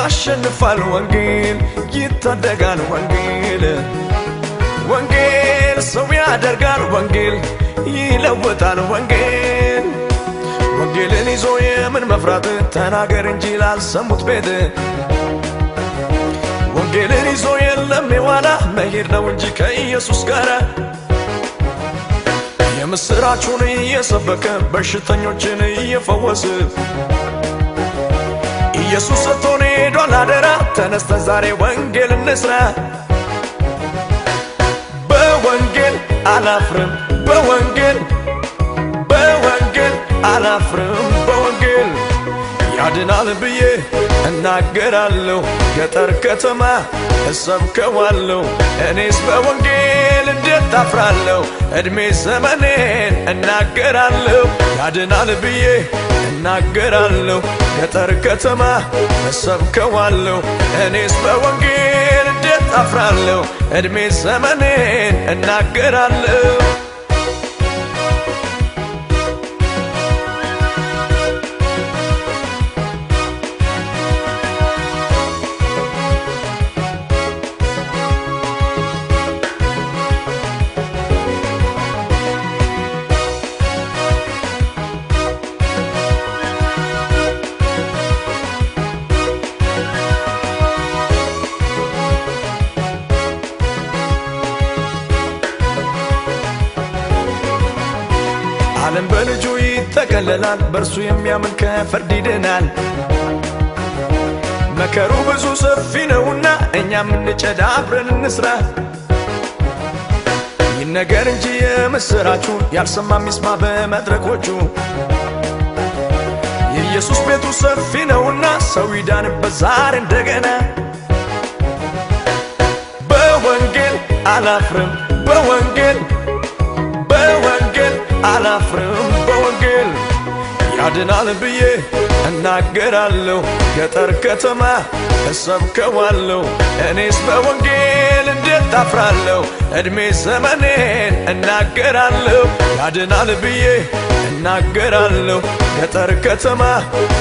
ያሸንፋል ወንጌል፣ ይታደጋል ወንጌል። ወንጌል ሰው ያደርጋል ወንጌል፣ ይለወጣል ወንጌል። ወንጌልን ይዞ የምን መፍራት? ተናገር እንጂ ላልሰሙት ቤት ወንጌልን ይዞ የለም የዋላ መሄድ ነው እንጂ ከኢየሱስ ጋር የምሥራቹን እየሰበከ በሽተኞችን እየፈወስ ኢየሱስ ቶኔ ሄዷል አደራ ተነስተን ዛሬ ወንጌል እንስራ። በወንጌል አላፍርም በወንጌል በወንጌል አላፍርም በወንጌል ያድናል ብዬ እናገራለሁ ገጠር ከተማ እሰብከዋለሁ እኔስ በወንጌል እንዴት ታፍራለሁ? እድሜ ዘመኔን እናገራለሁ ያድናል ብዬ እናገራለሁ ገጠር ከተማ እሰብከዋለሁ እኔስ በወንጌል እንዴት አፍራለሁ እድሜ ዘመኔን እናገራለሁ ተገለላል። በእርሱ የሚያምን ከፍርድ ይድናል። መከሩ ብዙ ሰፊ ነውና እኛም እንጨዳ አብረን እንስራ። ይነገር እንጂ የምስራችሁ ያልሰማ ሚስማ በመድረኮቹ የኢየሱስ ቤቱ ሰፊ ነውና ሰው ይዳንበት ዛሬ እንደገና። በወንጌል አላፍርም በወንጌል አላፍርም በወንጌል ያድናል ብዬ እናገራለሁ። ገጠር ከተማ እሰብከዋለሁ። እኔስ በወንጌል እንዴት ታፍራለሁ? እድሜ ዘመኔን እናገራለሁ። ያድናል ብዬ እናገራለሁ። ገጠር ከተማ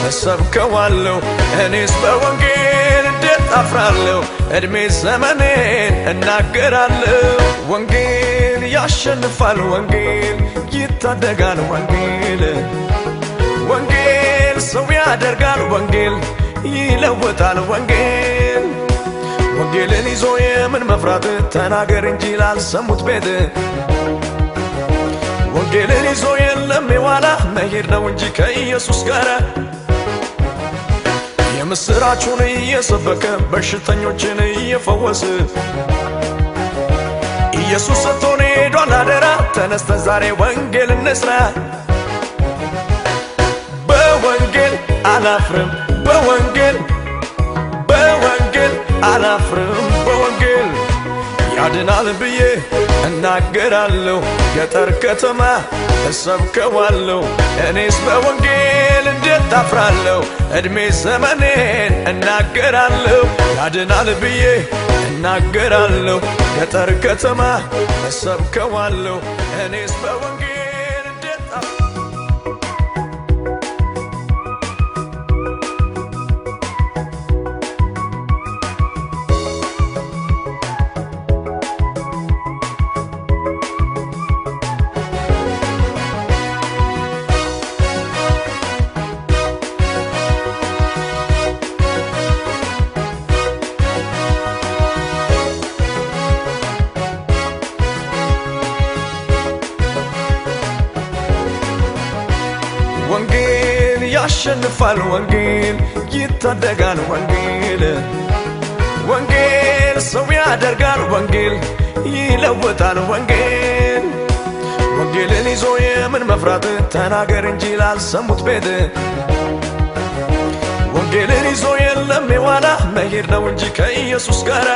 እሰብከዋለሁ። እኔስ በወንጌል እንዴት ታፍራለሁ? እድሜ ዘመኔን እናገራለሁ ወንጌል ያሸንፋል ወንጌል ይታደጋል ወንጌል ወንጌል ሰው ያደርጋል ወንጌል ይለወጣል ወንጌል ወንጌልን ይዞ የምን መፍራት ተናገር እንጂ ላልሰሙት ቤት ወንጌልን ይዞ የለም የኋላ መሄድ ነው እንጂ ከኢየሱስ ጋር የምሥራቹን እየሰበከ በሽተኞችን እየፈወስ ኢየሱስ ሰጥቶን ሄዷል አደራ። ተነስተን ዛሬ ወንጌል እንስራ። በወንጌል አላፍርም፣ በወንጌል በወንጌል አላፍርም በወንጌል ያድናል ብዬ እናገራለሁ። ገጠር ከተማ እሰብከዋለሁ። እኔስ በወንጌል እንዴት ታፍራለሁ? እድሜ ዘመኔን እናገራለሁ። ያድናል ብዬ እናገራለሁ። ገጠር ከተማ እሰብከዋለሁ። እኔስ በወንጌል ይደግፋል ወንጌል፣ ይታደጋል ወንጌል። ወንጌል ሰው ያደርጋል ወንጌል፣ ይለውጣል ወንጌል። ወንጌልን ይዞ የምን መፍራት? ተናገር እንጂ ላልሰሙት ቤት ወንጌልን ይዞ የለም የዋላ መሄድ ነው እንጂ ከኢየሱስ ጋር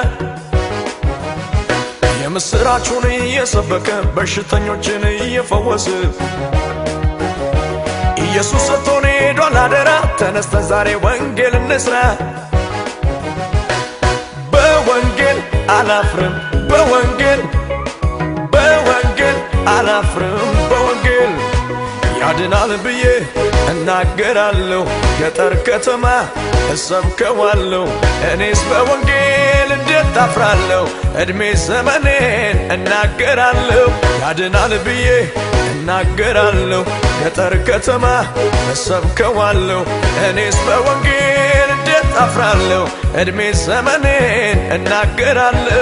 የምሥራቹን እየሰበከ በሽተኞችን እየፈወስ ኢየሱስ ሰጥቶን ሄዷል አደራ። ተነስተን ዛሬ ወንጌል እንስራ። በወንጌል አላፍርም፣ በወንጌል በወንጌል አላፍርም። በወንጌል ያድናል ብዬ እናገራለሁ። ገጠር ከተማ እሰብከዋለሁ። እኔስ በወንጌል እንዴት ታፍራለሁ? ዕድሜ ዘመኔን እናገራለሁ። ያድናል ብዬ እናገራለሁ ገጠር ከተማ እሰብከዋለሁ እኔስ በወንጌል እንዴት አፍራለሁ እድሜ ዘመኔን እናገራለሁ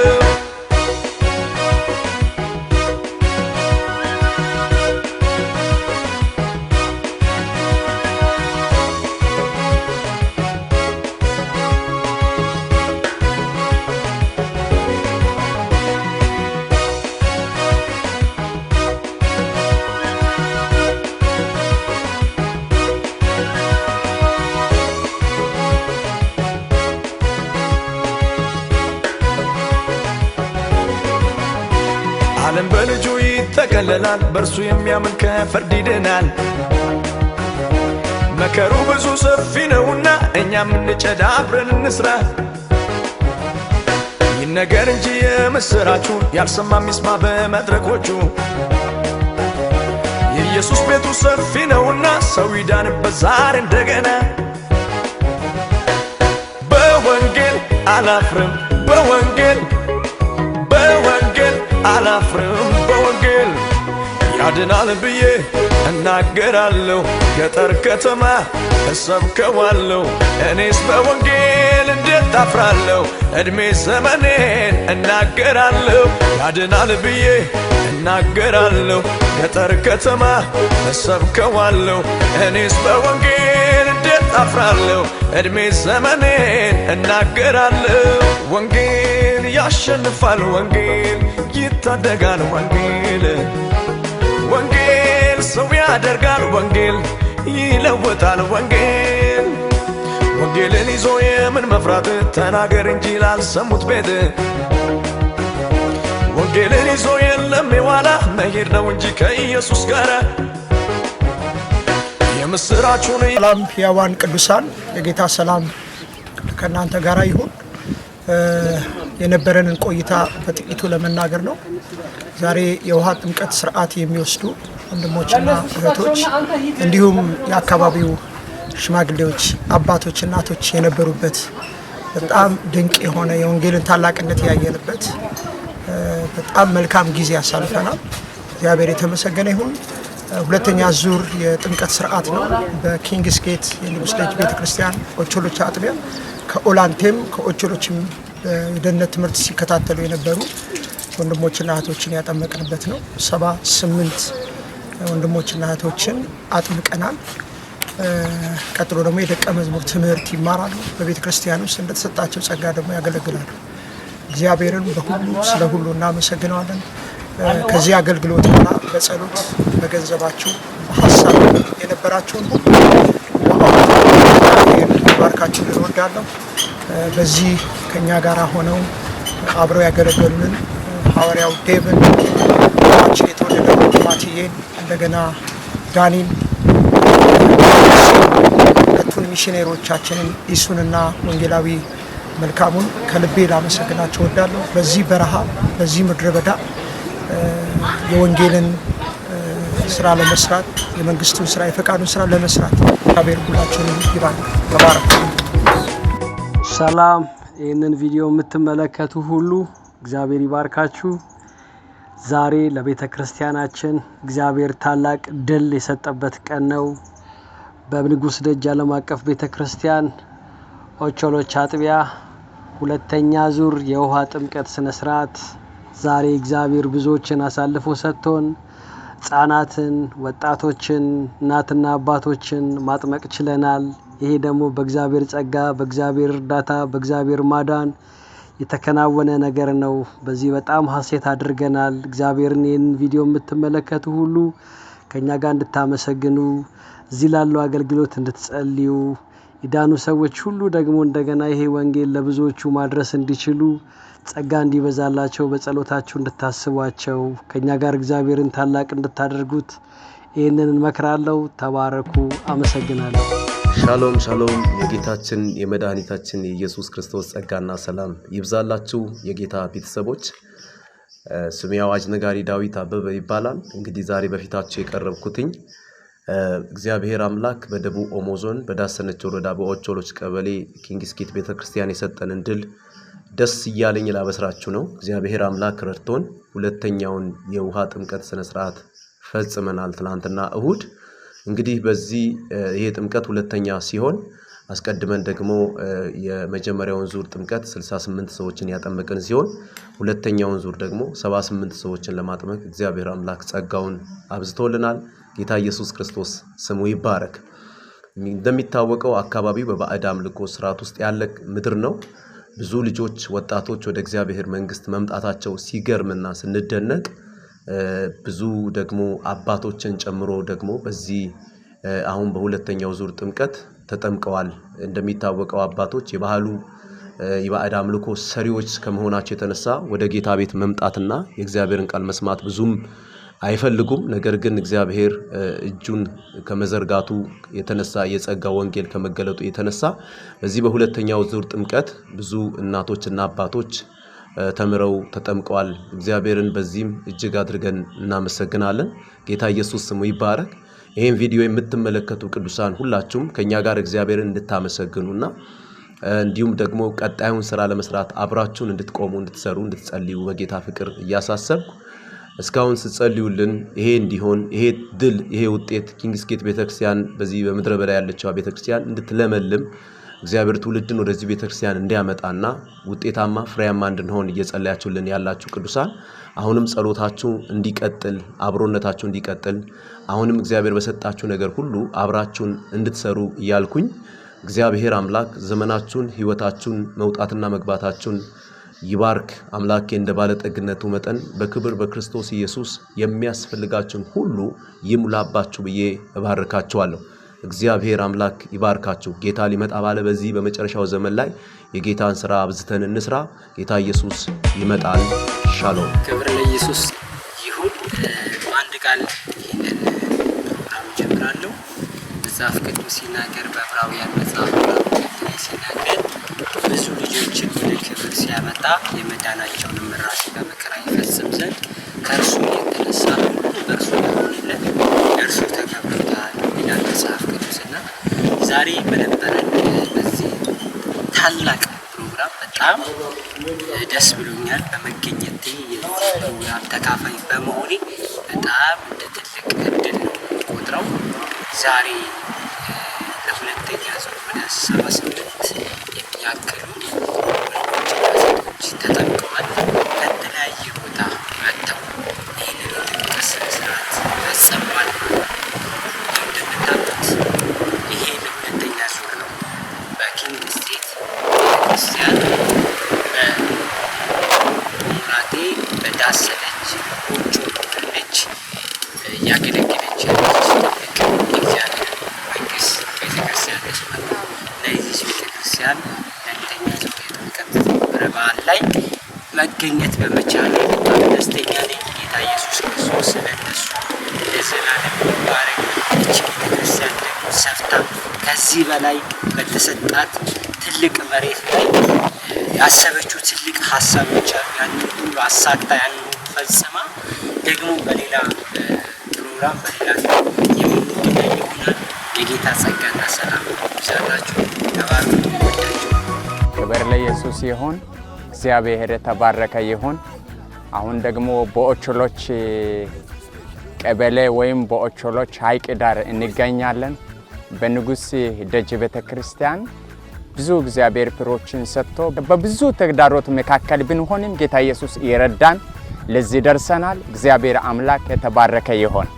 ይገለላል። በእርሱ የሚያምን ከፍርድ ይድናል። መከሩ ብዙ ሰፊ ነውና እኛም እንጨዳ አብረን እንስራ። ይነገር እንጂ የምስራቹ ያልሰማ ይስማ በመድረኮቹ። የኢየሱስ ቤቱ ሰፊ ነውና ሰው ይዳንበት ዛሬ እንደገና። በወንጌል አላፍርም፣ በወንጌል በወንጌል አላፍርም፣ በወንጌል ያድናል ብዬ እናገራለሁ። ገጠር ከተማ እሰብከዋለሁ። እኔስ በወንጌል እንዴት ታፍራለሁ? እድሜ ዘመኔን እናገራለሁ። ያድናል ብዬ እናገራለሁ። ገጠር ከተማ እሰብከዋለሁ። እኔስ በወንጌል እንዴት ታፍራለሁ? እድሜ ዘመኔን እናገራለሁ። ወንጌል ያሸንፋል፣ ወንጌል ይታደጋል፣ ወንጌል ያደርጋል ወንጌል ይለወጣል ወንጌል ወንጌልን ይዞ የምን መፍራት ተናገር እንጂ ላልሰሙት ቤት ወንጌልን ይዞ የለም የኋላ መሄድ ነው እንጂ ከኢየሱስ ጋር የምስራችሁን ሰላም ያዋን ቅዱሳን የጌታ ሰላም ከእናንተ ጋር ይሁን። የነበረንን ቆይታ በጥቂቱ ለመናገር ነው። ዛሬ የውሃ ጥምቀት ስርዓት የሚወስዱ ወንድሞችና እህቶች እንዲሁም የአካባቢው ሽማግሌዎች፣ አባቶች፣ እናቶች የነበሩበት በጣም ድንቅ የሆነ የወንጌልን ታላቅነት ያየንበት በጣም መልካም ጊዜ ያሳልፈናል። እግዚአብሔር የተመሰገነ ይሁን። ሁለተኛ ዙር የጥምቀት ስርዓት ነው በኪንግስ ጌት የንጉስ ልጅ ቤተ ክርስቲያን ኦቾሎች አጥቢያ ከኦላንቴም ከኦቾሎችም የደህንነት ትምህርት ሲከታተሉ የነበሩ ወንድሞችና እህቶችን ያጠመቅንበት ነው። ሰባ ስምንት ወንድሞችና እህቶችን አጥብቀናል። ቀጥሎ ደግሞ የደቀ መዝሙር ትምህርት ይማራሉ። በቤተ ክርስቲያን ውስጥ እንደተሰጣቸው ጸጋ ደግሞ ያገለግላሉ። እግዚአብሔርን በሁሉ ስለ ሁሉ እናመሰግነዋለን። ከዚህ አገልግሎትና በጸሎት በገንዘባችሁ፣ በሀሳብ የነበራችሁን ባርካችሁ እንወዳለሁ። በዚህ ከእኛ ጋር ሆነው አብረው ያገለገሉንን ሐዋርያው ዴቭን ችን የተወደደ ማትዬን እንደገና ዳኒን ሁለቱን ሚሽነሮቻችንን ኢሱንና ወንጌላዊ መልካሙን ከልቤ ላመሰግናቸው ወዳለሁ። በዚህ በረሃ በዚህ ምድረ በዳ የወንጌልን ስራ ለመስራት የመንግስቱን ስራ የፈቃዱን ስራ ለመስራት እግዚአብሔር ሁላችሁንም ይባል ተባረክ። ሰላም። ይህንን ቪዲዮ የምትመለከቱ ሁሉ እግዚአብሔር ይባርካችሁ። ዛሬ ለቤተ ክርስቲያናችን እግዚአብሔር ታላቅ ድል የሰጠበት ቀን ነው። በንጉሥ ደጅ ዓለም አቀፍ ቤተ ክርስቲያን ኦቾሎች አጥቢያ ሁለተኛ ዙር የውሃ ጥምቀት ስነ ስርዓት ዛሬ እግዚአብሔር ብዙዎችን አሳልፎ ሰጥቶን ሕፃናትን፣ ወጣቶችን፣ እናትና አባቶችን ማጥመቅ ችለናል። ይሄ ደግሞ በእግዚአብሔር ጸጋ፣ በእግዚአብሔር እርዳታ፣ በእግዚአብሔር ማዳን የተከናወነ ነገር ነው። በዚህ በጣም ሀሴት አድርገናል። እግዚአብሔርን ይህን ቪዲዮ የምትመለከቱ ሁሉ ከእኛ ጋር እንድታመሰግኑ እዚህ ላለው አገልግሎት እንድትጸልዩ የዳኑ ሰዎች ሁሉ ደግሞ እንደገና ይሄ ወንጌል ለብዙዎቹ ማድረስ እንዲችሉ ጸጋ እንዲበዛላቸው በጸሎታችሁ እንድታስቧቸው ከእኛ ጋር እግዚአብሔርን ታላቅ እንድታደርጉት ይህንን መክራለው ተባረኩ። አመሰግናለሁ። ሻሎም ሻሎም የጌታችን የመድኃኒታችን የኢየሱስ ክርስቶስ ጸጋና ሰላም ይብዛላችሁ የጌታ ቤተሰቦች። ስሜ አዋጅ ነጋሪ ዳዊት አበበ ይባላል። እንግዲህ ዛሬ በፊታችሁ የቀረብኩትኝ እግዚአብሔር አምላክ በደቡብ ኦሞ ዞን በዳሰነች ወረዳ በኦቾሎች ቀበሌ ኪንግስኪት ቤተክርስቲያን የሰጠንን ድል ደስ እያለኝ ላበስራችሁ ነው። እግዚአብሔር አምላክ ረድቶን ሁለተኛውን የውሃ ጥምቀት ስነስርዓት ፈጽመናል ትናንትና እሁድ እንግዲህ በዚህ ይሄ ጥምቀት ሁለተኛ ሲሆን አስቀድመን ደግሞ የመጀመሪያውን ዙር ጥምቀት 68 ሰዎችን ያጠመቅን ሲሆን ሁለተኛውን ዙር ደግሞ 78 ሰዎችን ለማጥመቅ እግዚአብሔር አምላክ ጸጋውን አብዝቶልናል። ጌታ ኢየሱስ ክርስቶስ ስሙ ይባረክ። እንደሚታወቀው አካባቢው በባዕድ አምልኮ ስርዓት ውስጥ ያለ ምድር ነው። ብዙ ልጆች፣ ወጣቶች ወደ እግዚአብሔር መንግስት መምጣታቸው ሲገርምና ስንደነቅ ብዙ ደግሞ አባቶችን ጨምሮ ደግሞ በዚህ አሁን በሁለተኛው ዙር ጥምቀት ተጠምቀዋል እንደሚታወቀው አባቶች የባህሉ የባዕድ አምልኮ ሰሪዎች ከመሆናቸው የተነሳ ወደ ጌታ ቤት መምጣትና የእግዚአብሔርን ቃል መስማት ብዙም አይፈልጉም። ነገር ግን እግዚአብሔር እጁን ከመዘርጋቱ የተነሳ የጸጋ ወንጌል ከመገለጡ የተነሳ በዚህ በሁለተኛው ዙር ጥምቀት ብዙ እናቶችና አባቶች ተምረው ተጠምቀዋል። እግዚአብሔርን በዚህም እጅግ አድርገን እናመሰግናለን። ጌታ ኢየሱስ ስሙ ይባረክ። ይህን ቪዲዮ የምትመለከቱ ቅዱሳን ሁላችሁም ከእኛ ጋር እግዚአብሔርን እንድታመሰግኑና እንዲሁም ደግሞ ቀጣዩን ስራ ለመስራት አብራችሁን እንድትቆሙ፣ እንድትሰሩ፣ እንድትጸልዩ በጌታ ፍቅር እያሳሰብኩ እስካሁን ስጸልዩልን ይሄ እንዲሆን ይሄ ድል ይሄ ውጤት ኪንግስጌት ቤተክርስቲያን በዚህ በምድረ በዳ ያለችዋ ቤተክርስቲያን እንድትለመልም እግዚአብሔር ትውልድን ወደዚህ ቤተክርስቲያን እንዲያመጣና ውጤታማ ፍሬያማ እንድንሆን እየጸለያችሁልን ያላችሁ ቅዱሳን አሁንም ጸሎታችሁ እንዲቀጥል፣ አብሮነታችሁ እንዲቀጥል፣ አሁንም እግዚአብሔር በሰጣችሁ ነገር ሁሉ አብራችሁን እንድትሰሩ እያልኩኝ እግዚአብሔር አምላክ ዘመናችሁን፣ ህይወታችሁን፣ መውጣትና መግባታችሁን ይባርክ። አምላኬ እንደ ባለጠግነቱ መጠን በክብር በክርስቶስ ኢየሱስ የሚያስፈልጋችሁን ሁሉ ይሙላባችሁ ብዬ እባርካችኋለሁ። እግዚአብሔር አምላክ ይባርካችሁ። ጌታ ሊመጣ ባለ በዚህ በመጨረሻው ዘመን ላይ የጌታን ስራ አብዝተን እንስራ። ጌታ ኢየሱስ ይመጣል። ሻሎም። ክብር ለኢየሱስ ይሁን። አንድ ቃል ይህንን ፕሮግራም ጀምራለሁ። መጽሐፍ ቅዱስ ሲናገር በዕብራውያን መጽሐፍ ሲናገር ብዙ ልጆችን ወደ ክብር ሲያመጣ የመዳናቸውን ምራሽ በመከራ ይፈጽም ዘንድ ከእርሱ የተነሳ ሁሉ በእርሱ ያሆንለት እርሱ ተከብሮታል ይላል መጽሐፍ ዛሬ በነበረን በዚህ ታላቅ ፕሮግራም በጣም ደስ ብሎኛል። በመገኘት የዚህ ፕሮግራም ተካፋይ በመሆኔ በጣም እንደ ትልቅ እድል ቆጥረው ዛሬ ለሁለተኛ ዙር ወደ ሰባ ስምንት የሚያክሉ ወንዶችና ሴቶች ተጠምቀው አንስተው ከዚህ በላይ በተሰጣት ትልቅ መሬት ላይ ያሰበችው ትልቅ ሀሳቦች ያን ሁሉ አሳክታ ያን ፈጽማ ደግሞ በሌላ ፕሮግራም በሌላ የምንገናኝ ይሆናል። የጌታ ጸጋና ሰላም ይብዛላችሁ። ተባር ክብር ለኢየሱስ ይሁን። እግዚአብሔር የተባረከ ይሁን። አሁን ደግሞ በኦቾሎች ቀበሌ ወይም በኦቾሎች ሀይቅ ዳር እንገኛለን። በንጉሥ ደጅ ቤተ ክርስቲያን ብዙ እግዚአብሔር ፍሮችን ሰጥቶ በብዙ ተግዳሮት መካከል ብንሆንም ጌታ ኢየሱስ ይረዳን። ለዚህ ደርሰናል። እግዚአብሔር አምላክ የተባረከ ይሆን።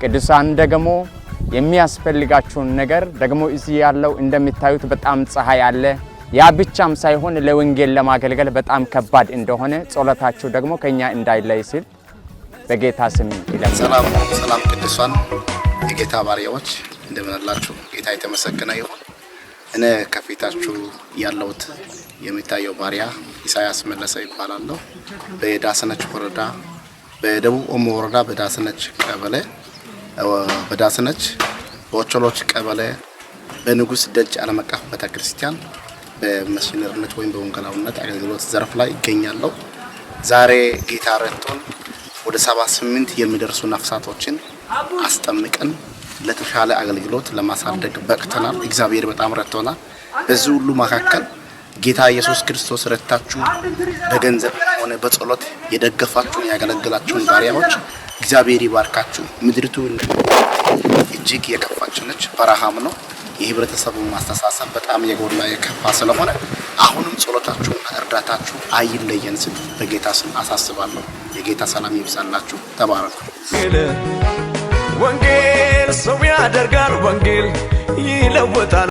ቅዱሳን ደግሞ የሚያስፈልጋችሁን ነገር ደግሞ እዚህ ያለው እንደሚታዩት በጣም ፀሐይ አለ። ያ ብቻም ሳይሆን ለወንጌል ለማገልገል በጣም ከባድ እንደሆነ ጸሎታችሁ ደግሞ ከእኛ እንዳይለይ ሲል በጌታ ስም ይላል። ሰላም ቅዱሳን የጌታ ባሪያዎች እንደምንላችሁ ጌታ የተመሰገነ ይሁን። እኔ ከፊታችሁ ያለሁት የሚታየው ባሪያ ኢሳያስ መለሰ ይባላለሁ። በዳስነች ወረዳ በደቡብ ኦሞ ወረዳ በዳስነች ቀበሌ በዳስነች በኦቾሎች ቀበሌ በንጉስ ደጅ ዓለም አቀፍ ቤተክርስቲያን በመሽነርነት ወይም በወንገላውነት አገልግሎት ዘርፍ ላይ ይገኛለሁ። ዛሬ ጌታ ረድቶን ወደ 78 የሚደርሱ ነፍሳቶችን አስጠምቀን ለተሻለ አገልግሎት ለማሳደግ በቅተናል። እግዚአብሔር በጣም ረድቶናል። በዚህ ሁሉ መካከል ጌታ ኢየሱስ ክርስቶስ ረድታችሁ በገንዘብ ሆነ በጸሎት የደገፋችሁን ያገለግላችሁን ባሪያዎች እግዚአብሔር ይባርካችሁ። ምድርቱ እጅግ የከፋች ነች፣ በረሃም ነው። የህብረተሰቡን ማስተሳሰብ በጣም የጎላ የከፋ ስለሆነ አሁንም ጸሎታችሁ እርዳታችሁ አይለየን ስል በጌታ ስም አሳስባለሁ። የጌታ ሰላም ይብዛላችሁ። ተባረኩ። ወንጌል ሰው ያደርጋል፣ ወንጌል ይለውጣል።